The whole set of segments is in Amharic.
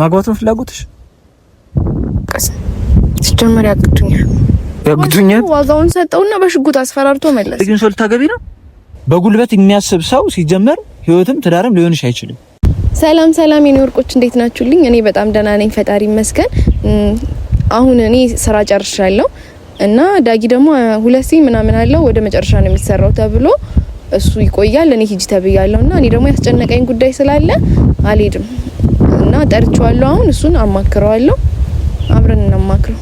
ማግባት ነው ፍላጎትሽ? ሲጀመር ያግቱኛል ያግቱኛል ዋጋውን ሰጠውና በሽጉጥ አስፈራርቶ መለሰ። ግን ሰው ልታገቢ ነው? በጉልበት የሚያስብ ሰው ሲጀመር ህይወትም ትዳርም ሊሆንሽ አይችልም። ሰላም ሰላም፣ የኔ ወርቆች እንዴት ናችሁልኝ? እኔ በጣም ደህና ነኝ፣ ፈጣሪ ይመስገን። አሁን እኔ ስራ ጨርሻለሁ እና ዳጊ ደግሞ ሁለት ሲ ምናምን አለው ወደ መጨረሻ ነው የሚሰራው ተብሎ እሱ ይቆያል። እኔ ሂጂ ተብያለሁ እና እኔ ደግሞ ያስጨነቀኝ ጉዳይ ስላለ አልሄድም እና ጠርቼዋለሁ። አሁን እሱን አማክረዋለሁ። አብረን እናማክረው።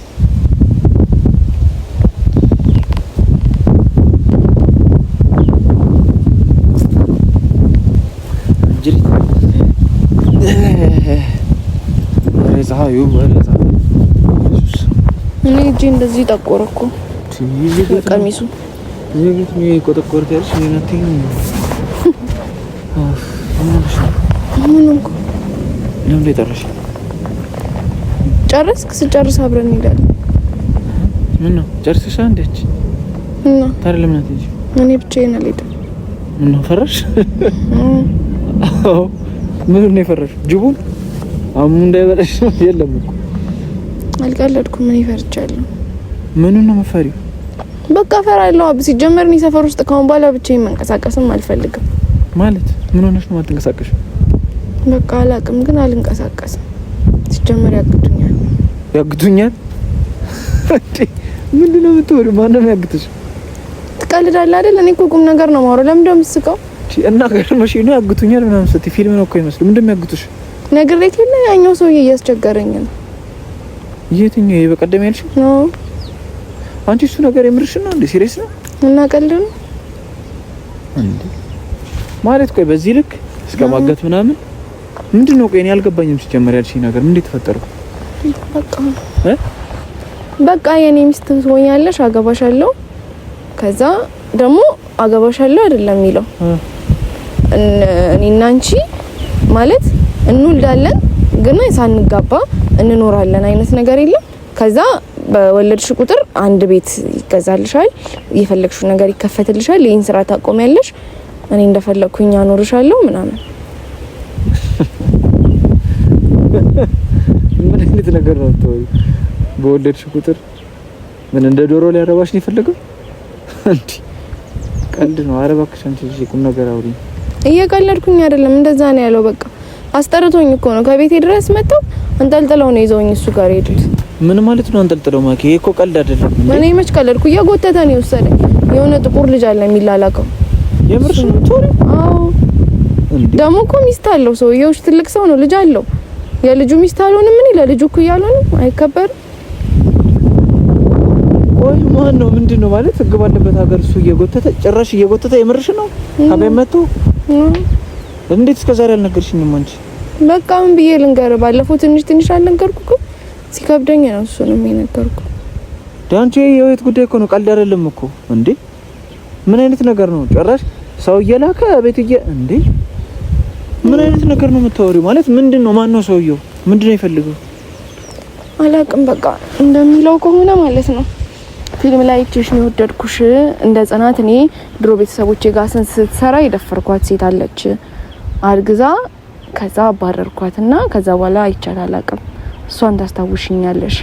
እኔ እጄ እንደዚህ ጠቆረ እኮ ቀሚሱ ቆጠቆርት ያለች ነው እንዴ? ጨረሽ? ጨረስክ? ስጨርስ አብረን እንሄዳለን። ምን ነው ጨርስሽ? አንዴች እና ታዲያ ለምን አትሄጂም? እኔ ብቻዬን አልሄድም። ምን ነው ፈራሽ? አዎ ምን ነው የፈራሽ? ጅቡን አሙ እንዳይበላሽ ነው። የለም እኮ አልቀለድኩም። ምን ይፈርቻለሁ? ምን ነው መፈሪው? በቃ ፈራለሁ። አብ ሲጀመር እኔ ሰፈር ውስጥ ካሁን በኋላ ብቻዬን መንቀሳቀስም አልፈልግም። ማለት ምን ሆነሽ ነው የማትንቀሳቀሽው? በቃ አላቅም፣ ግን አልንቀሳቀስም። ሲጀመር ያግዱኛል ያግቱኛል ያግቱኛል። ምንድነው የምትወዱ? ማንም ያግትሽ። ትቀልዳለህ አይደል? እኔ እኮ ቁም ነገር ነው የማወራው። ለምን ደም ስቀው እና ገርመሽ ነው ያግቱኛል ምናምን ስትይ ፊልም ነው እኮ ይመስል። ምንድነው የሚያግቱሽ? ነግሬት የለ ያኛው ሰውዬ እያስቸገረኝ ነው። የትኛው? ይሄ በቀደም ያልሽ ነው አንቺ? እሱ ነገር የምርሽ ነው እንዴ? ሲሪየስ ነው እና ቀልድ ነው እንዴ? ማለት ቆይ በዚህ ልክ እስከ ማገት ምናምን ምንድን ነው? ቆይ እኔ አልገባኝም። ሲጀመር ያልሽኝ ነገር እንዴት ተፈጠረ? በቃ በቃ የኔ ሚስት ትሆኛለሽ፣ አገባሻለሁ። ከዛ ደግሞ አገባሻለሁ አይደለም የሚለው እኔና አንቺ ማለት እንወልዳለን ግን ሳንጋባ እንኖራለን አይነት ነገር የለም። ከዛ በወለድሽ ቁጥር አንድ ቤት ይገዛልሻል፣ የፈለግሽው ነገር ይከፈትልሻል፣ ይህን ስራ ታቆሚያለሽ፣ እኔ እንደፈለግኩኝ አኖርሻለሁ ምናምን ምን አይነት ነገር ነው? ተወይ? በወለድሽ ቁጥር ምን እንደ ዶሮ ሊያረባሽ ነው የፈለገው? አንቺ ቀንድ ነው። ኧረ እባክሽ አንቺ ልጅ ቁም ነገር አውሪኝ። እየቀለድኩኝ አይደለም፣ እንደዛ ነው ያለው። በቃ አስጠርቶኝ እኮ ነው ከቤቴ ድረስ መጣው። አንጠልጥለው ነው ይዘውኝ እሱ ጋር ሄዱት። ምን ማለት ነው አንጠልጥለው? ማኪ እኮ ቀልድ አይደለም። እኔ መች ቀለድኩ? እየጎተተ ነው የወሰደኝ። የሆነ ጥቁር ልጅ አለ የሚላላቀው። የምርሽ ነው? ቶሪ? አዎ። ደግሞ እኮ ሚስት አለው ሰውዬው፣ ትልቅ ሰው ነው፣ ልጅ አለው። የልጁ ሚስት አልሆንም እኔ ለልጁ እኮ እያልሆንም አይከበርም። ቆይ ማን ነው ምንድን ነው ማለት ህግ ባለበት ሀገር እሱ እየጎተተ ጭራሽ እየጎተተ የምርሽ ነው አባይ መጥቶ እንዴት እስከ ዛሬ አልነገርሽኝም? አንቺ በቃ ምን ብዬ ልንገር? ባለፈው ትንሽ ትንሽ አልነገርኩ ሲከብደኝ ነው እሱ ነው የነገርኩ። ዳንቺ የህይወት ጉዳይ እኮ ነው፣ ቀልድ አይደለም እኮ እንዴ! ምን አይነት ነገር ነው? ጭራሽ ሰው እየላከ ቤት እየ እንዴ ምን አይነት ነገር ነው የምታወሪው? ማለት ምንድን ነው? ማነው ሰውየው? ምንድን ነው የፈልገው? አላቅም። በቃ እንደሚለው ከሆነ ማለት ነው ፊልም ላይ እችሽ ነው የወደድኩሽ፣ እንደ ጽናት እኔ ድሮ ቤተሰቦቼ ጋር ስንት ስትሰራ የደፈርኳት ሴት አለች አርግዛ ከዛ አባረርኳት እና ከዛ በኋላ አይቻት አላቅም። እሷን ታስታውሽኛለሽ።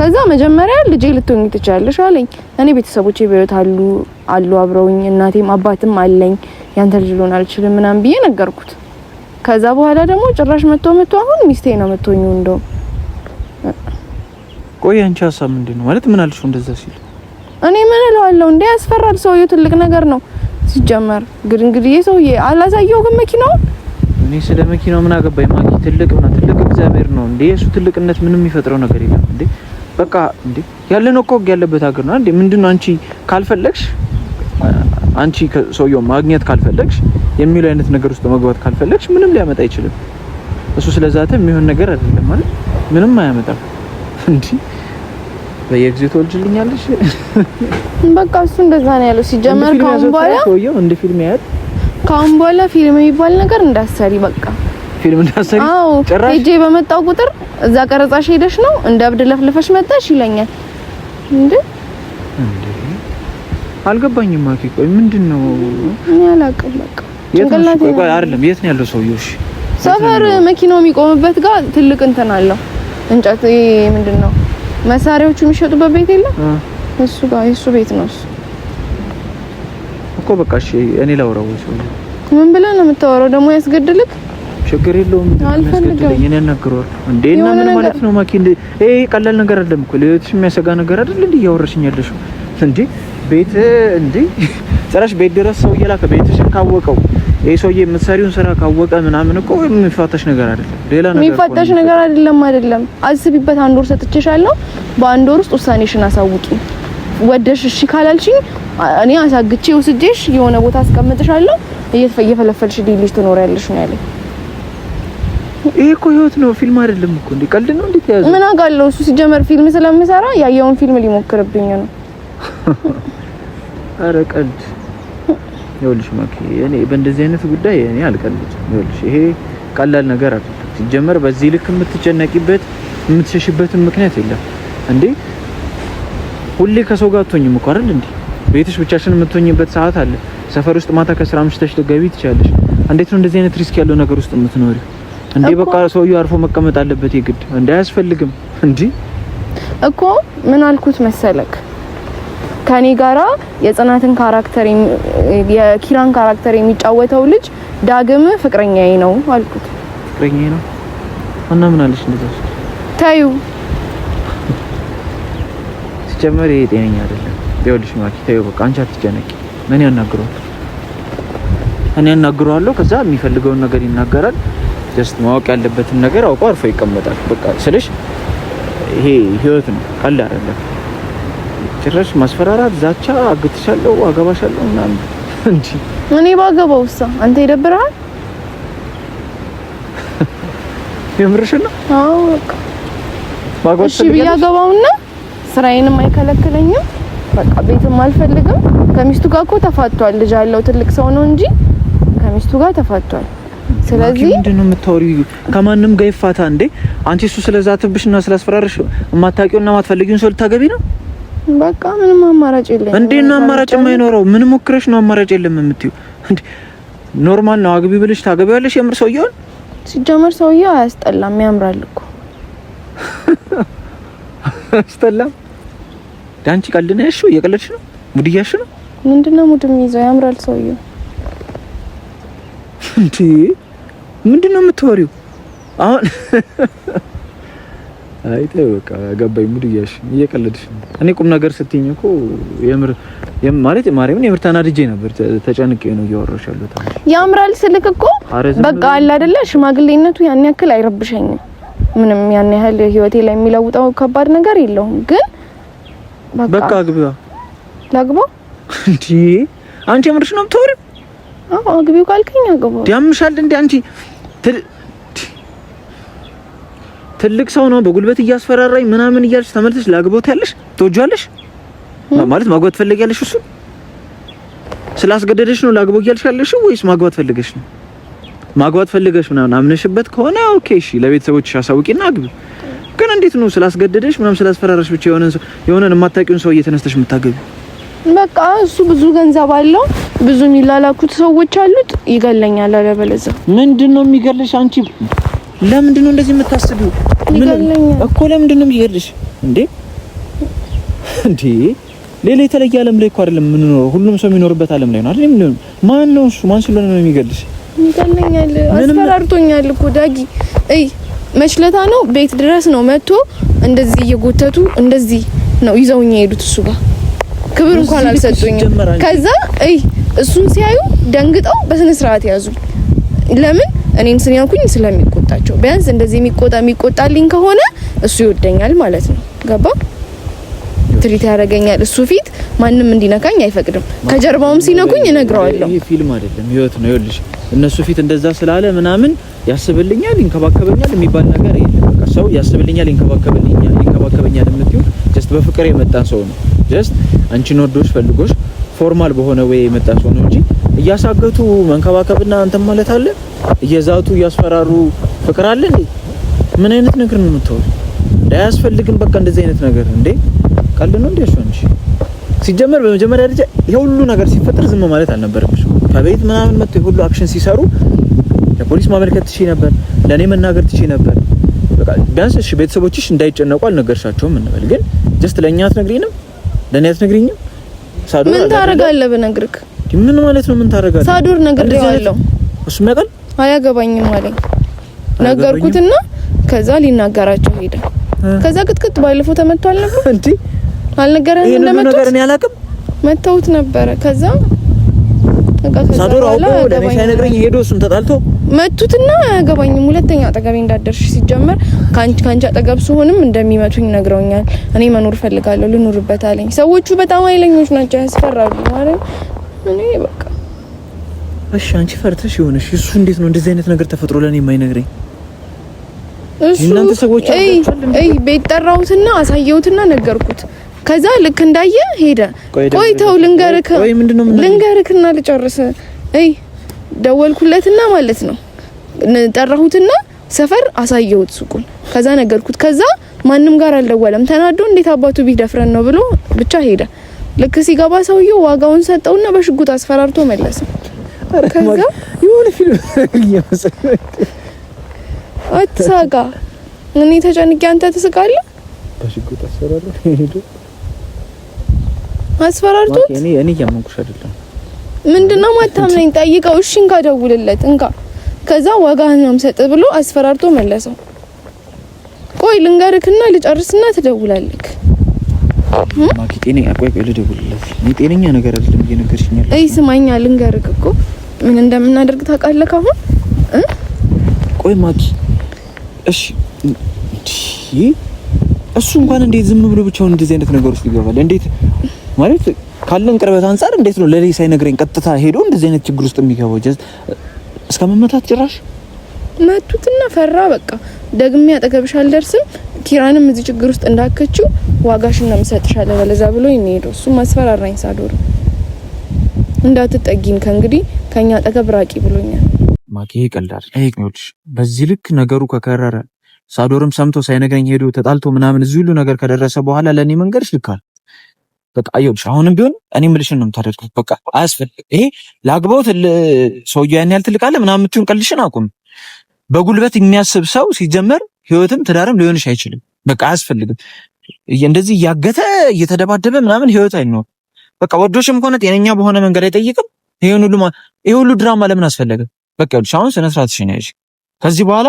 ከዛ መጀመሪያ ልጄ ልትሆኝ ትችላለሽ አለኝ። እኔ ቤተሰቦቼ በሕይወት አሉ አሉ አብረውኝ እናቴም አባትም አለኝ ያንተ ልጅ ልሆን አልችልም ምናምን ብዬ ነገርኩት። ከዛ በኋላ ደግሞ ጭራሽ መጥቶ መጥቶ አሁን ሚስቴ ነው መቶኝ። እንደውም ቆይ አንቺ ሀሳብ ምንድን ነው ማለት ምን አልሽው? እንደዛ ሲል እኔ ምን እለዋለሁ እንዴ? ያስፈራል። ሰውዬው ትልቅ ነገር ነው ሲጀመር። ግን እንግዲህ ሰውዬ አላሳየው ግን መኪናውን እኔ ስለ መኪናው ምን አገባኝ? ማኪ ትልቅ ነው ትልቅ እግዚአብሔር ነው እንዴ? የሱ ትልቅነት ምንም የሚፈጥረው ነገር የለም እንዴ? በቃ እንዴ ያለነው እኮ ያለበት ሀገር ነው እንዴ? ምንድነው አንቺ ካልፈለግሽ አንቺ ሰውየው ማግኘት ካልፈለግሽ የሚሉ አይነት ነገር ውስጥ መግባት ካልፈለግሽ ምንም ሊያመጣ አይችልም። እሱ ስለዛተ የሚሆን ነገር አይደለም ማለት ምንም አያመጣም። እንዲህ በየጊዜው ትወልጅልኛለሽ። በቃ እሱ እንደዛ ነው ያለው። ሲጀመር ካሁን በኋላ ሰውየው እንደ ፊልም ያያል። ካሁን በኋላ ፊልም የሚባል ነገር እንዳሰሪ በቃ ፊልም እንዳሰሪ። አዎ ሄጄ በመጣው ቁጥር እዛ ቀረጻሽ ሄደሽ ነው እንደ እብድ ለፍልፈሽ መጣሽ ይለኛል እንዴ አልገባኝም። ማኪ ቆይ ምንድን ነው? እኔ አላውቅም። በቃ ጭንቅላት ቆይ አይደለም። የት ነው ያለው ሰውዬው? ሰፈር መኪናው የሚቆምበት ጋር ትልቅ እንትን አለው እንጨት፣ ምንድን ነው መሳሪያዎቹ የሚሸጡበት ቤት የለም? እሱ ጋር የሱ ቤት ነው እሱ እኮ በቃ እሺ፣ እኔ ላውራው። ሰውዬው ምን ብለህ ነው የምታወራው ደግሞ? ያስገድልክ ችግር የለውም። አልፈልግም። እኔ ያናግረዋል እንዴ? እና ምን ማለት ነው ማኪ? እንዴ፣ ይሄ ቀላል ነገር አይደለም እኮ ለህይወትሽ የሚያሰጋ ነገር አይደል እንዴ? እያወራሽኝ ያለሽው እንዴ? ቤት እንዴ ጭራሽ ቤት ድረስ ሰው እየላከ ቤትሽን ካወቀው ይሄ ሰውዬ የምትሰሪውን ስራ ካወቀ ምናምን እኮ የሚፈተሽ ነገር አይደለም፣ ሌላ ነገር የሚፈተሽ ነገር አይደለም። አይደለም አስቢበት። አንድ ወር ሰጥቼሻለሁ። በአንድ ወር ውስጥ ውሳኔሽን አሳውቂ። ወደሽ እሺ ካላልሽኝ እኔ አሳግቼ ወስጄሽ የሆነ ቦታ አስቀምጥሻለሁ። እየፈለፈልሽ ልጅ ትኖሪያለሽ ነው ያለኝ። ይሄ እኮ ህይወት ነው፣ ፊልም አይደለም እኮ። እንዴ ቀልድ ነው እንዴ? ተያዘ ምን አውቃለሁ። እሱ ሲጀመር ፊልም ስለምሰራ ያየውን ፊልም ሊሞክርብኝ ነው አረ ቀልድ ይኸውልሽ ማኪ፣ እኔ በእንደዚህ አይነት ጉዳይ እኔ አልቀልድም። ይኸውልሽ ይሄ ቀላል ነገር አይደለም። ሲጀመር በዚህ ልክ የምትጨነቂበት የምትሸሽበትን ምክንያት የለም እንዴ። ሁሌ ከሰው ጋር አትሆኝም እኮ አይደል እንዴ? ቤትሽ ብቻሽን የምትሆኝበት ሰዓት አለ። ሰፈር ውስጥ ማታ ከስራ አምሽተሽ ልትገቢ ትችያለሽ። እንዴት ነው እንደዚህ አይነት ሪስክ ያለው ነገር ውስጥ የምትኖሪው እንዴ? በቃ ሰውዬው አርፎ መቀመጥ አለበት የግድ እንዴ? አያስፈልግም እንዴ? እኮ ምን አልኩት መሰለክ ከኔ ጋራ የጽናትን ካራክተር የኪራን ካራክተር የሚጫወተው ልጅ ዳግም ፍቅረኛዬ ነው አልኩት። ፍቅረኛዬ ነው እና ምን አለሽ? እንደዛ ታዩ ሲጀመር ይሄ ጤነኛ አይደለም። ይኸውልሽ ማኪ ታዩ፣ በቃ አንቺ አትጨነቂ። ምን አናግረዋለሁ እኔ አናግረዋለሁ። ከዛ የሚፈልገውን ነገር ይናገራል። ጀስት ማወቅ ያለበትን ነገር አውቀው አርፎ ይቀመጣል። በቃ ስልሽ ይሄ ህይወት ነው፣ ቀልድ አይደለም። ጭራሽ ማስፈራራት፣ ዛቻ፣ አግትሻለሁ፣ አገባሻለሁ ምናምን እንጂ እኔ ባገባው እሷ አንተ ይደብርሃል። የምርሽን ነው? አዎ በቃ እሺ ቢያገባውና ስራዬንም አይከለክለኝም። በቃ ቤትም አልፈልግም። ከሚስቱ ጋር እኮ ተፋቷል። ልጅ አለው ትልቅ ሰው ነው እንጂ ከሚስቱ ጋር ተፋቷል። ስለዚህ ምንድን ነው የምታወሪው? ከማንም ጋር ይፋታ እንዴ አንቺ። እሱ ስለዛ ስለዛተብሽና ስላስፈራርሽ የማታውቂውና የማትፈልጊውን ሰው ልታገቢ ነው? በቃ ምንም አማራጭ የለም። እንዴት ነው አማራጭ የማይኖረው? ምን ሞክረሽ ነው አማራጭ የለም የምትይው? እንዴ ኖርማል ነው አግቢ ብልሽ ታገቢያለሽ? የምር ሰውየውን ሲጀመር ሰውየው አያስጠላም፣ ያምራል እኮ አያስጠላም። ዳንቺ ቀልድ ነው ያልሽው? እየቀለድሽ ነው? ሙድ እያልሽ ነው? ምንድነው ሙድ የሚይዘው? ያምራል ሰውየው። እንዴ ምንድነው የምትወሪው አሁን? አይ ተይ በቃ ገባኝ። ሙድ እያልሽ እየቀለድሽ ነው። እኔ ቁም ነገር ስትይኝ እኮ የምር ማለት ማርያምን የምር ተናድጄ ነበር። ተጨንቄ ነው እያወራሽ ያለሁት። ያምራል ስልክ እኮ በቃ አለ አይደለ? ሽማግሌነቱ ያን ያክል አይረብሸኝም። ምንም ያን ያህል ህይወቴ ላይ የሚለውጠው ከባድ ነገር የለውም። ግን በቃ አግባ ላግባ። እንጂ አንቺ የምርሽ ነው የምትወሪው? አዎ አግቢው ካልከኝ አግባው። ያምሻል እንዴ አንቺ ትልቅ ሰው ነው በጉልበት እያስፈራራኝ ምናምን እያልሽ ተመልሰሽ ላግቦት ያለሽ ትወጃለሽ ማለት ማግባት ፈልጊያለሽ? እሱ ስላስገደደሽ ነው ላግቦ እያልሽ ያለሽ ወይስ ማግባት ፈልገሽ ነው? ማግባት ፈልገሽ ምናምን አምነሽበት ከሆነ ኦኬ፣ እሺ፣ ለቤተሰቦችሽ አሳውቂና አግቢ። ግን እንዴት ነው ስላስገደደሽ ምናምን ስላስፈራራሽ ብቻ የሆነን የሆነን የማታውቂውን ሰው እየተነስተሽ የምታገቢ? በቃ እሱ ብዙ ገንዘብ አለው፣ ብዙ የሚላላኩት ሰዎች አሉት። ይገለኛል አለበለዚያ። ምንድን ነው የሚገልሽ አንቺ ለምንድን ነው እንደዚህ የምታስቢው? እኮ ለምንድን ነው የሚገድልሽ? እንዴ እንዴ ሌላ የተለየ ዓለም ላይ እኮ አይደለም የምንኖረው። ሁሉም ሰው የሚኖርበት ዓለም ላይ ነው አይደል? ምን ማን ነው እሱ? ማን ስለሆነ ነው የሚገልሽ? ይገለኛል። አስፈራርቶኛል እኮ ዳጊ። እይ መሽለታ ነው ቤት ድረስ ነው መጥቶ እንደዚህ እየጎተቱ እንደዚህ ነው ይዘውኝ የሄዱት። እሱ ጋር ክብር እንኳን አልሰጡኝም። ከዛ እይ እሱን ሲያዩ ደንግጠው በስነ ስርዓት ያዙ። ለምን እኔን ስንያልኩኝ ስለሚቆጣቸው ቢያንስ እንደዚህ የሚቆጣ የሚቆጣልኝ ከሆነ እሱ ይወደኛል ማለት ነው። ገባ ትሪት ያደርገኛል። እሱ ፊት ማንም እንዲነካኝ አይፈቅድም። ከጀርባውም ሲነኩኝ እነግረዋለሁ። ይሄ ፊልም አይደለም፣ ህይወት ነው። ይኸውልሽ እነሱ ፊት እንደዛ ስላለ ምናምን ያስብልኛል፣ ይንከባከበኛል የሚባል ነገር የለም። በቃ ሰው ያስብልኛል፣ ይንከባከብልኛል፣ ይንከባከበኛል የምትይው ጀስት በፍቅር የመጣን ሰው ነው። ጀስት አንቺን ወዶሽ ፈልጎሽ ፎርማል በሆነ ወይ የመጣ ሰው ነው እንጂ እያሳገቱ መንከባከብና እንትን ማለት አለ እየዛቱ እያስፈራሩ ፍቅር አለ እንዴ? ምን አይነት ነገር ነው የምትወሩ? አያስፈልግም። በቃ እንደዚህ አይነት ነገር እንዴ ቀልድ ነው እንዴ? ሲጀመር በመጀመሪያ ደረጃ የሁሉ ነገር ሲፈጠር ዝም ማለት አልነበረብሽም። ከቤት ምናምን መጥቶ የሁሉ አክሽን ሲሰሩ ለፖሊስ ማመልከት ትችይ ነበር፣ ለእኔ መናገር ትችይ ነበር። በቃ ቢያንስ እሺ ቤተሰቦችሽ እንዳይጨነቁ አልነገርሻቸውም እንበል። ግን ጀስት ለእኛ አትነግሪንም፣ ለእኔ አትነግሪኝም። ሳዶር ምን ታደርጋለህ? ብነግርክ ምን ማለት ነው? ምን ታደርጋለህ? ሳዶር ነገር ነግሬዋለሁ። እሱም ያውቃል አያገባኝም አለኝ። ነገርኩትና ከዛ ሊናገራቸው ሄደ። ከዛ ቅጥቅጥ ባለፈው ተመቶ አልነበር እንዴ? አልነገረንም እንደመጡ ነገር እኔ አላውቅም። መተውት ነበረ። ከዛ ሳዶር አውቆ ለኔ ሳይነግረኝ ሄዶ እሱም ተጣልቶ መቱትና አያገባኝም፣ ሁለተኛ አጠገቤ እንዳደርሽ ሲጀመር ካንቺ ካንቺ አጠገብ ሲሆንም እንደሚመቱኝ ነግረውኛል። እኔ መኖር ፈልጋለሁ ልኑርበት አለኝ። ሰዎቹ በጣም ኃይለኞች ናቸው፣ ያስፈራሉ ማለት እኔ እሺ አንቺ ፈርተሽ ይሆነሽ። እሱ እንዴት ነው እንደዚህ አይነት ነገር ተፈጥሮ ለኔ የማይነግረኝ? እናንተ ሰዎች አይ ቤት ጠራሁትና አሳየሁትና ነገርኩት። ከዛ ልክ እንዳየ ሄደ። ቆይ ተው ልንገርክ፣ ልንገርክና ልጨርስ። አይ ደወልኩለትና ማለት ነው ጠራሁትና ሰፈር አሳየሁት ሱቁን፣ ከዛ ነገርኩት። ከዛ ማንም ጋር አልደወለም። ተናዶ እንዴት አባቱ ቢደፍረን ነው ብሎ ብቻ ሄደ። ልክ ሲገባ ሰውየው ዋጋውን ሰጠውና በሽጉጥ አስፈራርቶ መለሰ። የሆነ ፊልም እየመሰለኝ አትሳጋ። እኔ ተጨንቄ አንተ ትስቃለህ። በሽጉጥ አስፈራራለህ። ሄዶ አስፈራርቶት እኔ እኔ እያመንኩሽ አይደለም። ምንድነው ማታምነኝ? ጠይቀው። እሺ እንካ፣ ደውልለት እንካ። ከዛ ዋጋህን ነው የምሰጥህ ብሎ አስፈራርቶ መለሰው። ቆይ ልንገርክና ልጨርስና ትደውላለህ። ማኪ ጤነኛ ቆይ ቆይ ልደውልለት። እኔ ጤነኛ ነገር አይደለም እየነገርሽኛል። አይ ስማኛ ልንገርክ እኮ ምን እንደምናደርግ ታውቃለህ? አሁን ቆይ ማኪ፣ እሺ እሱ እንኳን እንዴት ዝም ብሎ ብቻውን እንደዚህ አይነት ነገር ውስጥ ይገባል? እንዴት ማለት ካለን ቅርበት አንጻር እንዴት ነው ለሌ ሳይነግረኝ ቀጥታ ሄዶ እንደዚህ አይነት ችግር ውስጥ የሚገባው? ጀስ እስከ መመታት ጭራሽ መቱትና ፈራ። በቃ ደግሜ አጠገብሽ አልደርስም፣ ኪራንም እዚህ ችግር ውስጥ እንዳከችው ዋጋሽ ነው የምሰጥሻለሁ ብሎ ይሄ ሄዶ እሱ ማስፈራራኝ ሳዶር እንዳትጠጊን ከእንግዲህ ከኛ አጠገብ ራቂ ብሎኛል። ማኬ ይቀልዳል። ይቅኞች በዚህ ልክ ነገሩ ከከረረ ሳዶርም ሰምቶ ሳይነግረኝ ሄዶ ተጣልቶ ምናምን እዚህ ሁሉ ነገር ከደረሰ በኋላ ለእኔ መንገድሽ ልካል በቃ ይኸውልሽ፣ አሁንም ቢሆን እኔ ምልሽን ነው የምታደርገው። በቃ አያስፈልግም። ይሄ ላግባው ሰውየ ያን ያህል ትልቅ አለ ምናምን የምትሆን ቀልድሽን አቁም። በጉልበት የሚያስብ ሰው ሲጀመር ህይወትም ትዳርም ሊሆንሽ አይችልም። በቃ አያስፈልግም። እንደዚህ እያገተ እየተደባደበ ምናምን ህይወት አይኖርም። በቃ ወዶሽም ከሆነ ጤነኛ በሆነ መንገድ አይጠይቅም። ይሄን ሁሉ ይሄ ሁሉ ድራማ ለምን አስፈለገ? በቃ ይኸውልሽ አሁን ስነ ስርዓት እሺ ነው ያልሽ። ከዚህ በኋላ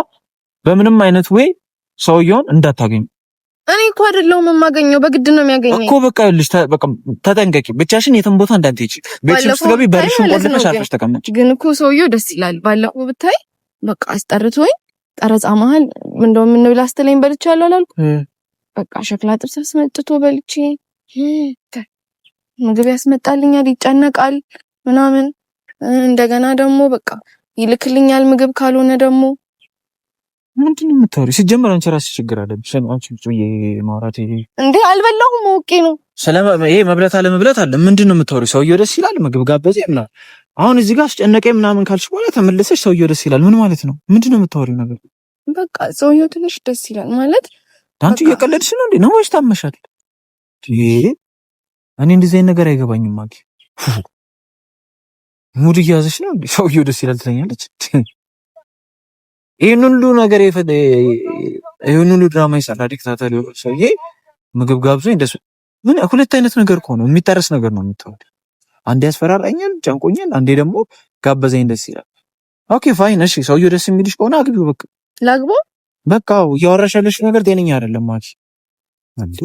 በምንም አይነት ወይ ሰውየውን እንዳታገኝ። እኔ እኮ አይደለሁም የማገኘው፣ በግድ ነው የሚያገኘኝ እኮ። በቃ ይኸውልሽ በቃ ተጠንቀቂ፣ ብቻሽን የትም ቦታ እንዳትሄጂ። ቤትሽ ውስጥ ገቢ በርሽን ቆልፈሽ አጥሽ ተቀመጭ። ግን እኮ ሰውየው ደስ ይላል። ባለፈው ብታይ በቃ አስጠርቶኝ ቀረጻ መሀል እንደው ምን ብላ አስተለኝ በልቻለሁ አላልኩ። በቃ ሸክላ ጥብስ አስመጥቶ በልቼ ምግብ ያስመጣልኛል፣ ይጨነቃል ምናምን እንደገና ደግሞ በቃ ይልክልኛል ምግብ ካልሆነ ደግሞ ምንድን የምታወሪ የምታወሪው? ሲጀመር አንቺ ራስሽ ችግር አለብሽ። አንቺ ብቻ ማውራት እንዴ አልበላሁም። ኦኬ ነው ይሄ መብላት አለ መብላት አለ። ምንድን ነው የምታወሪው? ሰውየው ደስ ይላል፣ ምግብ ጋበዘ ምናምን። አሁን እዚህ ጋር አስጨነቀኝ ምናምን ካልሽ በኋላ ተመለሰሽ፣ ሰውየው ደስ ይላል። ምን ማለት ነው? ምንድን ነው የምታወሪው ነገር? በቃ ሰውየው ትንሽ ደስ ይላል ማለት አንቺ እየቀለድሽ ነው እንዴ? ነው ወይስ ታመሻል? እኔ እንደዚህ ነገር አይገባኝም ማኪ ሙድ እያዘች ነው ሰውየው ደስ ይላል ትለኛለች። ይህን ሁሉ ነገር ይህን ሁሉ ድራማ ይሰራ ዲክታተር ሰውዬ ምግብ ጋብዞኝ ደስ ምን ሁለት አይነት ነገር ከሆነ የሚታረስ ነገር ነው የምታወድ። አንዴ ያስፈራራኛል፣ ጨንቆኛል፣ አንዴ ደግሞ ጋበዘኝ ደስ ይላል። ኦኬ ፋይን፣ እሺ ሰውዬው ደስ የሚልሽ ከሆነ አግቢው። በቃ ላግቦ በቃ እያወራሽ ነገር ጤነኛ አይደለም ማለት እንዴ?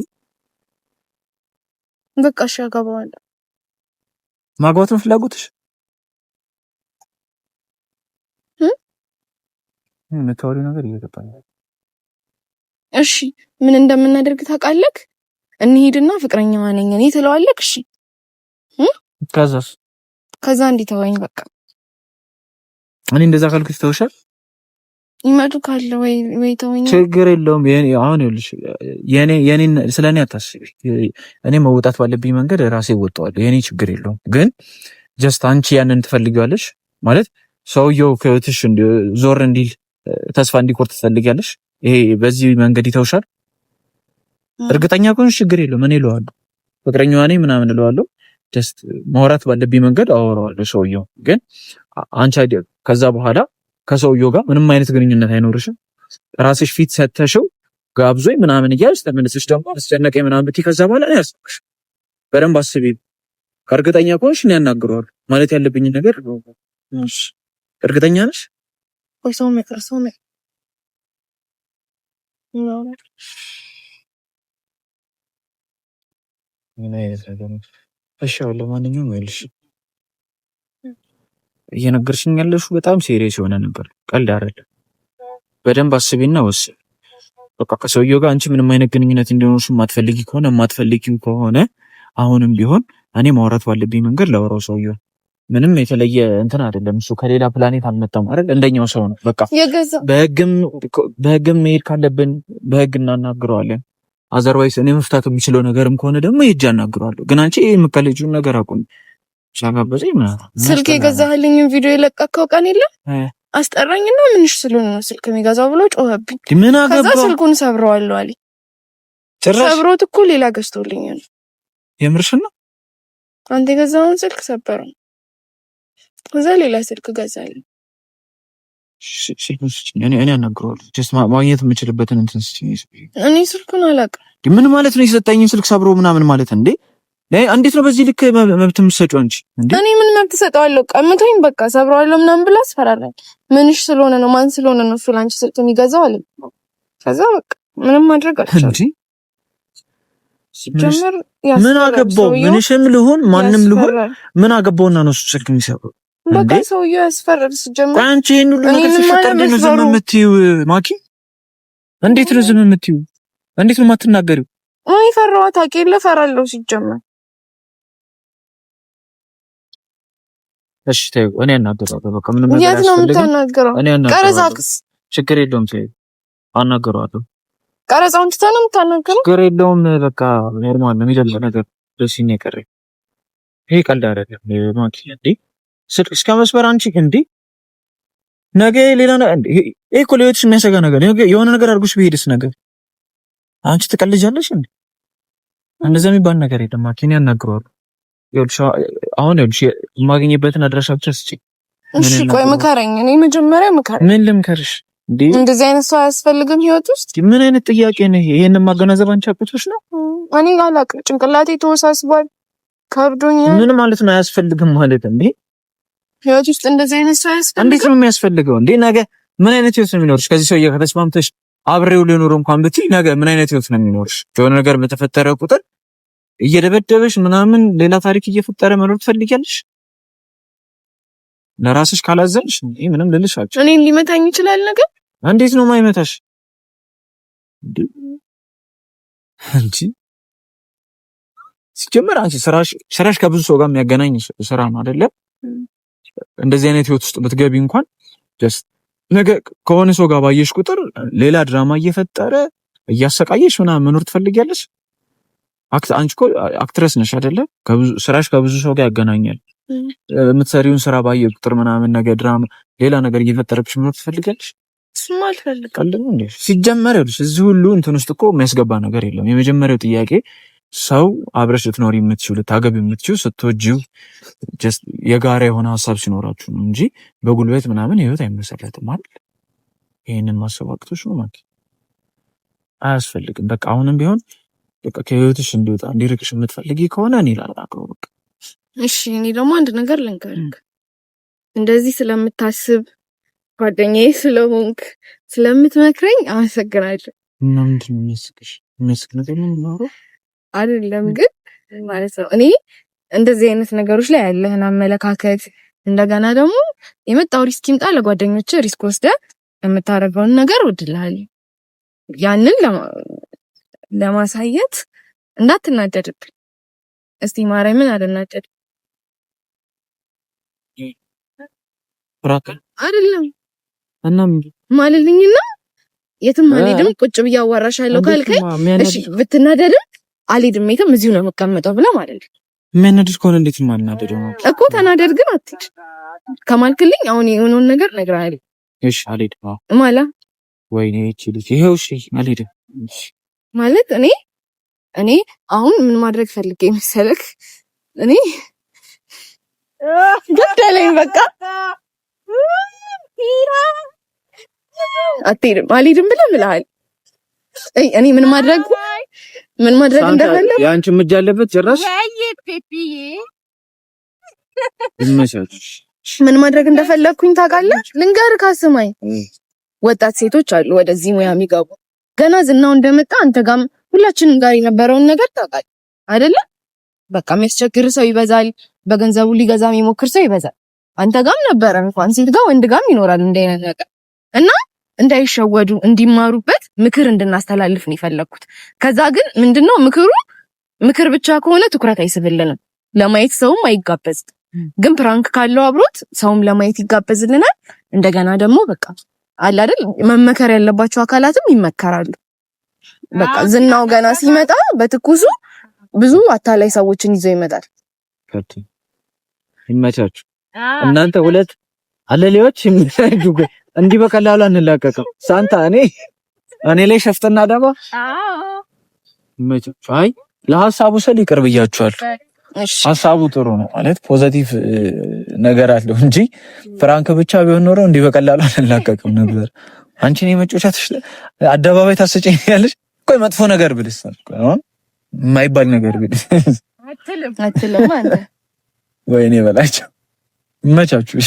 በቃ እሺ አገባዋለሁ። ማግባትን ፍላጎትሽ የምታወሪው ነገር እየገባኝ። እሺ ምን እንደምናደርግ ታውቃለህ? እንሂድና ፍቅረኛ ማነኝ እኔ ትለዋለህ። እሺ ከዛስ? ከዛ እንዲተወኝ በቃ እኔ እንደዛ ካልኩ ይተውሻል። ይመጡ ካለ ወይ ወይ ተወኝ፣ ችግር የለውም። የኔ አሁን ይኸውልሽ የኔ የኔ ስለኔ አታስቢ። እኔ መውጣት ባለብኝ መንገድ ራሴ እወጣዋለሁ። የኔ ችግር የለውም። ግን ጀስት አንቺ ያንን ትፈልጊዋለሽ ማለት ሰውየው ከህይወትሽ ዞር እንዲል ተስፋ እንዲቆርጥ ትፈልጊያለሽ? ይሄ በዚህ መንገድ ይተውሻል? እርግጠኛ ከሆንሽ ችግር የለውም። እኔ እለዋለሁ ፍቅረኛዋ እኔ ምናምን እለዋለሁ። ጀስት ማውራት ባለብኝ መንገድ አወራዋለሁ። ሰውየው ግን አንቺ ከዛ በኋላ ከሰውየው ጋር ምንም አይነት ግንኙነት አይኖርሽም። ራስሽ ፊት ሰተሽው ጋብዞኝ ምናምን እያልሽ ተመልሰሽ ደግሞ አስጨነቀኝ ምናምን ብትይ ከዛ በኋላ እኔ አስብሽ በደንብ አስቢ። እርግጠኛ ከሆንሽ እኔ ያናግረዋለሁ። ማለት ያለብኝ ነገር እርግጠኛ ነሽ? Corsome, corsome. ምን አይነት ነገር ነው? እሺ አሁን ለማንኛውም ይልሽ እየነገርሽኝ ያለሽው በጣም ሴሪየስ የሆነ ነበር። ቀልድ አይደለም። በደንብ አስቢና በቃ ከሰውየው ጋር አንቺ ምንም አይነት ግንኙነት እንዲኖርሽ የማትፈልጊ ከሆነ የማትፈልጊው ከሆነ አሁንም ቢሆን እኔ ማውራት ባለብኝ መንገድ ላወራው ሰውየው ምንም የተለየ እንትን አይደለም። እሱ ከሌላ ፕላኔት አልመጣም አይደል? እንደኛው ሰው ነው። በቃ በህግም መሄድ ካለብን በህግ እናናግረዋለን። አዘርባይስ እኔ መፍታት የሚችለው ነገርም ከሆነ ደግሞ ሄጄ አናግረዋለሁ። ግን አንቺ ይህ የምከልጁን ነገር አቁም። ሻጋበዘ ስልክ የገዛህልኝን ቪዲዮ የለቀከው ቀን የለም አስጠራኝና ምንሽ ስለሆነ ነው ስልክ የሚገዛው ብሎ ጮኸብኝ። ምን አገባ? ከዛ ስልኩን ሰብረዋለሁ አለኝ። ሰብሮት እኮ ሌላ ገዝቶልኝ ነው። የምርሽን ነው? አንተ የገዛውን ስልክ ሰበረው። ከዛ ሌላ ስልክ ገዛለሁ። እኔ አናግረዋለሁ። ማግኘት የምችልበትን እንትን እኔ ስልኩን አላውቅም። ምን ማለት ነው? የሰጠኝን ስልክ ሰብሮ ምናምን ማለት እንዴ? እንዴት ነው በዚህ ልክ መብት የምትሰጪው አንቺ? እኔ ምን መብት ሰጠዋለሁ? ቀምቶኝ በቃ ሰብረዋለሁ ምናምን ብላ አስፈራራኝ። ምንሽ ስለሆነ ነው ማን ስለሆነ ነው እሱ ለአንቺ ስልክ የሚገዛው አለ። ከዛ በቃ ምንም ማድረግ አልቻልኩም። ምን አገባው? ምንሽም ልሆን ማንም ልሆን ምን አገባውና ነው እሱ ስልክ የሚሰብረው በቃ ሰውዬው ያስፈራል። ሲጀምር አንቺ ይህን ሁሉ ነገር ሲፈጠር እንዴት ነው ዝም የምትይው? ማኪ እንዴት ነው ዝም የምትይው? እንዴት ነው የማትናገሪው? አይ ፈራዋ ታውቂ የለ እፈራለሁ። ሲጀምር እሺ ተይው፣ እኔ አናግረዋለሁ። በቃ ምንም ነገር የት ነው እኔ ቀረጻክስ ችግር የለውም ተይው፣ አናግረዋለሁ። ቀረጻውን ትተህ ነው የምታናግረው? ችግር የለውም በቃ ኖርማል ነው የሚደለው ነገር ደስ ይኔ ቀረ ይሄ ቀልድ አይደለም ማኪ እንዴ እስከ መስበር አንቺ እንዲህ ነገ ሌላ ይሄ እኮ ለህይወትሽ የሚያሰጋ ነገር የሆነ ነገር አድርጎሽ ብሄድስ ነገር አንቺ ትቀልጃለሽ እንዴ? እንደዛ የሚባል ነገር የለም። ማኪን ያናግረዋሉ። አሁን ይኸውልሽ የማገኝበትን አድራሻ ብቻ ስጪኝ። እሺ ቆይ ምከረኝ። እኔ መጀመሪያ ምከረኝ። ምን ልምከርሽ? እንደዚህ አይነት ሰው አያስፈልግም ህይወት ውስጥ። ምን አይነት ጥያቄ ነው ይሄ? ይሄንን ማገናዘብ አንቺ አቅቶሽ ነው? እኔ አላውቅም። ጭንቅላቴ ተወሳስቧል። ከብዶኛል። ምን ማለት ነው አያስፈልግም ማለት እንዴ? ህይወት ውስጥ እንደዚህ አይነት ሰው ያስፈልገው? እንዴት ነው የሚያስፈልገው? እንዴ ነገ ምን አይነት ህይወት ነው የሚኖርሽ? ከዚህ ሰውዬ ከተስማምተሽ አብሬው ሊኖር እንኳን ብትይ ነገ ምን አይነት ህይወት ነው የሚኖርሽ? የሆነ ነገር በተፈጠረ ቁጥር እየደበደበሽ ምናምን ሌላ ታሪክ እየፈጠረ መኖር ትፈልጊያለሽ? ለራስሽ ካላዘንሽ ይሄ ምንም ልልሽ አልችልም። እኔን ሊመታኝ ይችላል ነገ። እንዴት ነው ማይመታሽ? አንቺ ሲጀመር አንቺ ስራሽ ከብዙ ሰው ጋር የሚያገናኝ ስራ ነው አይደለም እንደዚህ አይነት ህይወት ውስጥ ብትገቢ እንኳን ነገ ከሆነ ሰው ጋር ባየሽ ቁጥር ሌላ ድራማ እየፈጠረ እያሰቃየሽ ምናምን መኖር ትፈልጊያለሽ? አንቺ እኮ አክትረስ ነሽ አይደለ? ስራሽ ከብዙ ሰው ጋር ያገናኛል። የምትሰሪውን ስራ ባየ ቁጥር ምናምን ነገ ድራማ፣ ሌላ ነገር እየፈጠረብሽ መኖር ትፈልጊያለሽ? ሲጀመር እዚህ ሁሉ እንትን ውስጥ እኮ የሚያስገባ ነገር የለም። የመጀመሪያው ጥያቄ ሰው አብረሽ ልትኖር የምትችው ልታገብ የምትችው ስትወጂው የጋራ የሆነ ሀሳብ ሲኖራችሁ ነው እንጂ በጉልበት ምናምን ህይወት አይመሰረትም አይደል? ይህንን ማሰብ ማሰባቅቶች ነው ማለት አያስፈልግም። በቃ አሁንም ቢሆን በቃ ከህይወትሽ እንዲወጣ እንዲርቅሽ የምትፈልጊ ከሆነ እኔ ላላቅረው በቃ እሺ። እኔ ደግሞ አንድ ነገር ልንገርክ፣ እንደዚህ ስለምታስብ ጓደኛዬ ስለሆንክ ስለምትመክረኝ አመሰግናለሁ። ምናምንድን የሚያስቅሽ የሚያስቅ ነገር ነው የሚኖረው አይደለም ግን ማለት ነው እኔ እንደዚህ አይነት ነገሮች ላይ ያለህን አመለካከት እንደገና ደግሞ የመጣው ሪስክ ይምጣ ለጓደኞች ሪስክ ወስደ የምታደርገውን ነገር ወድልሃል። ያንን ለማሳየት እንዳትናደድብ እስቲ ማርያምን አልናደድም አይደለም እና ማልልኝና የትም አልሄድም ቁጭ ብዬ አዋራሻለሁ ካልከኝ እሺ ብትናደድም አልሄድም የትም እዚሁ ነው የምቀመጠው ብለ ማለት ነው። የሚያናድድ ከሆነ እንዴት ማናደድ ነው እኮ ተናደድ፣ ግን አትሄድ ከማልክልኝ አሁን የሆነውን ነገር ነገር አለ ማላ ወይኔ ይሄው አልሄድም ማለት እኔ እኔ አሁን ምን ማድረግ ፈልጌ መሰለክ እኔ ገደለኝ በቃ አትሄድም አልሄድም ብለ ምልሃል እኔ ምን ማድረግ ምን ማድረግ እንደፈለግ የአንቺ እጅ አለበት። ጭራሽ ምን ማድረግ እንደፈለግኩኝ ታውቃለህ? ልንገርህ ካስማኝ፣ ወጣት ሴቶች አሉ ወደዚህ ሙያ የሚገቡ ገና ዝናው እንደመጣ አንተ ጋም ሁላችንም ጋር የነበረውን ነገር ታውቃለህ አይደለ? በቃ የሚያስቸግር ሰው ይበዛል። በገንዘቡ ሊገዛ የሚሞክር ሰው ይበዛል። አንተ ጋም ነበረ እንኳን ሴት ጋር ወንድ ጋም ይኖራል እንደይነት ነገር እና እንዳይሸወዱ እንዲማሩበት ምክር እንድናስተላልፍ ነው የፈለግኩት። ከዛ ግን ምንድነው ምክሩ ምክር ብቻ ከሆነ ትኩረት አይስብልንም፣ ለማየት ሰውም አይጋበዝም። ግን ፕራንክ ካለው አብሮት ሰውም ለማየት ይጋበዝልናል። እንደገና ደግሞ በቃ አለ አይደል መመከር ያለባቸው አካላትም ይመከራሉ። በቃ ዝናው ገና ሲመጣ በትኩሱ ብዙ አታላይ ሰዎችን ይዞ ይመጣል። ይመቻችሁ እናንተ ሁለት አለሌዎች። እንዲህ በቀላሉ አንላቀቅም። ሳንታ እኔ እኔ ላይ ሸፍጥና ደባ አይ ለሀሳቡ ስል ይቅር ብያችኋል። ሀሳቡ ጥሩ ነው ማለት ፖዘቲቭ ነገር አለው እንጂ ፍራንክ ብቻ ቢሆን ኖሮ እንዲህ በቀላሉ አንላቀቅም ነበር። አንቺ ነው መጮቻ አደባባይ ታስጨኝ ያለች ቆይ መጥፎ ነገር ብልስ አሁን የማይባል ነገር ብልስ አትልም አትልም። ወይኔ በላቸው መቻችሁ።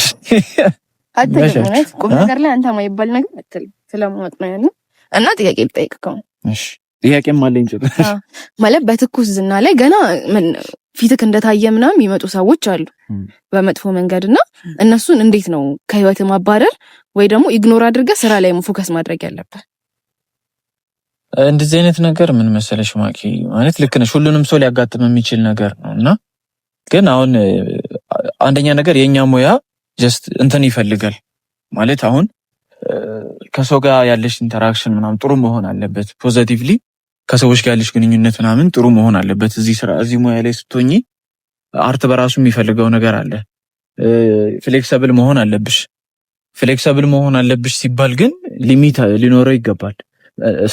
አትልነት ቁም ነገር ላይ አንተ ማይባል ነገር አትልም። ስለማወቅ ነው ያለው እና ጥያቄ ልጠይቅ ከሆነ ጥያቄም አለኝ ማለት በትኩስ ዝና ላይ ገና ፊትክ እንደታየ ምናምን የሚመጡ ሰዎች አሉ በመጥፎ መንገድ እና እነሱን እንዴት ነው ከህይወት ማባረር ወይ ደግሞ ኢግኖር አድርገ ስራ ላይ ፎከስ ማድረግ ያለብህ? እንደዚህ አይነት ነገር ምን መሰለሽ ማኪ ማለት ልክ ነሽ፣ ሁሉንም ሰው ሊያጋጥም የሚችል ነገር ነው እና ግን አሁን አንደኛ ነገር የእኛ ሙያ ጀስት እንትን ይፈልጋል ማለት አሁን ከሰው ጋር ያለሽ ኢንተራክሽን ምናምን ጥሩ መሆን አለበት። ፖዘቲቭሊ ከሰዎች ጋር ያለሽ ግንኙነት ምናምን ጥሩ መሆን አለበት። እዚህ ስራ እዚህ ሙያ ላይ ስትሆኚ አርት በራሱ የሚፈልገው ነገር አለ። ፍሌክሰብል መሆን አለብሽ። ፍሌክሰብል መሆን አለብሽ ሲባል ግን ሊሚት ሊኖረው ይገባል።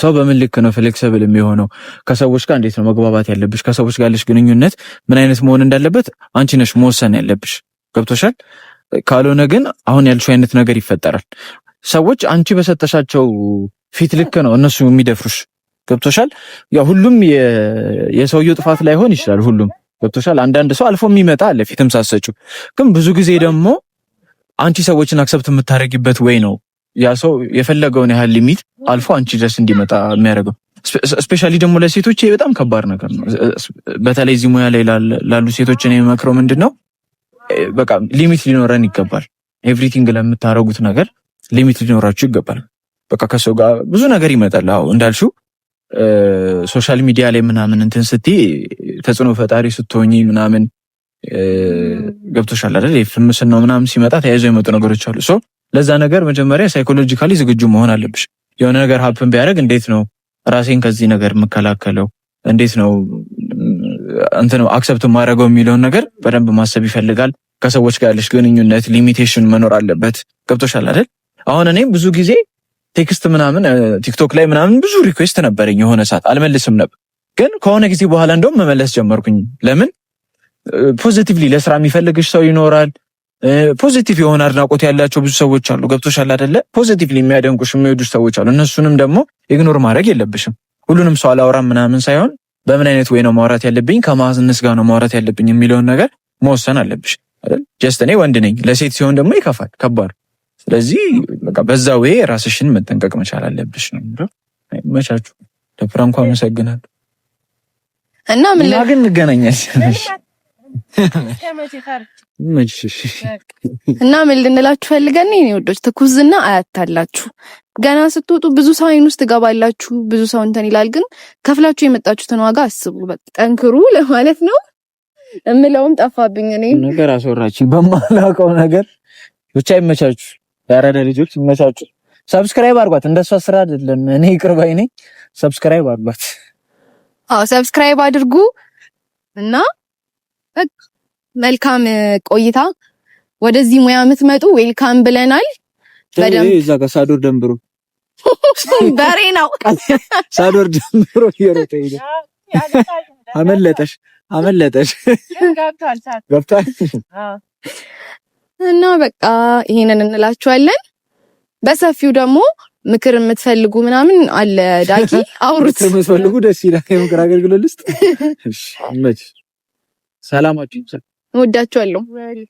ሰው በምን ልክ ነው ፍሌክሰብል የሚሆነው? ከሰዎች ጋር እንዴት ነው መግባባት ያለብሽ? ከሰዎች ጋር ያለሽ ግንኙነት ምን አይነት መሆን እንዳለበት አንቺ ነሽ መወሰን ያለብሽ። ገብቶሻል? ካልሆነ ግን አሁን ያልሽው አይነት ነገር ይፈጠራል። ሰዎች አንቺ በሰጠሻቸው ፊት ልክ ነው እነሱ የሚደፍሩሽ። ገብቶሻል? ያው ሁሉም የሰውየው ጥፋት ላይሆን ይችላል። ሁሉም ገብቶሻል? አንዳንድ ሰው አልፎ የሚመጣ አለ ፊትም ሳሰጪው። ግን ብዙ ጊዜ ደግሞ አንቺ ሰዎችን አክሰብት የምታደርጊበት ወይ ነው ያ ሰው የፈለገውን ያህል ሊሚት አልፎ አንቺ ድረስ እንዲመጣ የሚያደርገው። ስፔሻሊ ደግሞ ለሴቶች በጣም ከባድ ነገር ነው። በተለይ እዚህ ሙያ ላይ ላሉ ሴቶች እኔ የምመክረው ምንድን ነው በቃ ሊሚት ሊኖረን ይገባል። ኤቭሪቲንግ ለምታደርጉት ነገር ሊሚት ሊኖራችሁ ይገባል። በቃ ከሰው ጋር ብዙ ነገር ይመጣል። አዎ እንዳልሽው ሶሻል ሚዲያ ላይ ምናምን እንትን ስትይ ተጽዕኖ ፈጣሪ ስትሆኝ ምናምን ገብቶሻል አይደል? ፍምስናው ምናምን ሲመጣ ተያይዞ የመጡ ነገሮች አሉ። ሶ ለዛ ነገር መጀመሪያ ሳይኮሎጂካሊ ዝግጁ መሆን አለብሽ። የሆነ ነገር ሀፕን ቢያደርግ እንዴት ነው ራሴን ከዚህ ነገር የምከላከለው? እንዴት ነው እንትን አክሰፕት ማድረገው የሚለውን ነገር በደንብ ማሰብ ይፈልጋል። ከሰዎች ጋር ያለሽ ግንኙነት ሊሚቴሽን መኖር አለበት። ገብቶሻል አይደል? አሁን እኔ ብዙ ጊዜ ቴክስት ምናምን ቲክቶክ ላይ ምናምን ብዙ ሪኩዌስት ነበረኝ የሆነ ሰዓት አልመልስም ነበር፣ ግን ከሆነ ጊዜ በኋላ እንደውም መመለስ ጀመርኩኝ። ለምን ፖዚቲቭሊ ለስራ የሚፈልግሽ ሰው ይኖራል። ፖዚቲቭ የሆነ አድናቆት ያላቸው ብዙ ሰዎች አሉ። ገብቶሻል አይደለ? ፖዚቲቭሊ የሚያደንቁሽ የሚወዱሽ ሰዎች አሉ። እነሱንም ደግሞ ኢግኖር ማድረግ የለብሽም። ሁሉንም ሰው አላወራም ምናምን ሳይሆን በምን አይነት ወይ ነው ማውራት ያለብኝ፣ ከማዝነስ ጋር ነው ማውራት ያለብኝ የሚለውን ነገር መወሰን አለብሽ ጀስት እኔ ወንድ ነኝ። ለሴት ሲሆን ደግሞ ይከፋል፣ ከባድ። ስለዚህ በቃ በዛ ወይ ራስሽን መጠንቀቅ መቻል አለብሽ ነው። መቻችሁ ለፕራንኩ አመሰግናለሁ እና ምን ግን እንገናኛለን። እና ምን ልንላችሁ ፈልገን እኔ ወዶች ትኩዝና አያታላችሁ። ገና ስትወጡ ብዙ ሰው አይን ውስጥ ትገባላችሁ፣ ብዙ ሰው እንትን ይላል። ግን ከፍላችሁ የመጣችሁትን ዋጋ አስቡ፣ በቃ ጠንክሩ ለማለት ነው። እምለውም ጠፋብኝ። እኔ ነገር አስወራችኝ በማላውቀው ነገር ብቻ። ይመቻችሁ፣ ያረደ ልጆች ይመቻችሁ። ሰብስክራይብ አርጓት። እንደሷ ስራ አይደለም። እኔ ይቅርባይ ነኝ። ሰብስክራይብ አርጓት። አዎ ሰብስክራይብ አድርጉ እና መልካም ቆይታ። ወደዚህ ሙያ የምትመጡ ዌልካም ብለናል። በደም እዛ ጋር ሳዶር ደንብሮ በሬ ነው ሳዶር ደንብሮ እየሮጠ አመለጠሽ አመለጠሽ ገብቷል። እና በቃ ይሄንን እንላችኋለን። በሰፊው ደግሞ ምክር የምትፈልጉ ምናምን አለ ዳጊ አውሩት። ምክር የምትፈልጉ ደስ ይላል። የምክር አገልግሎት ልስጥ ሰላማችሁ ይብዛ። እወዳችኋለሁ።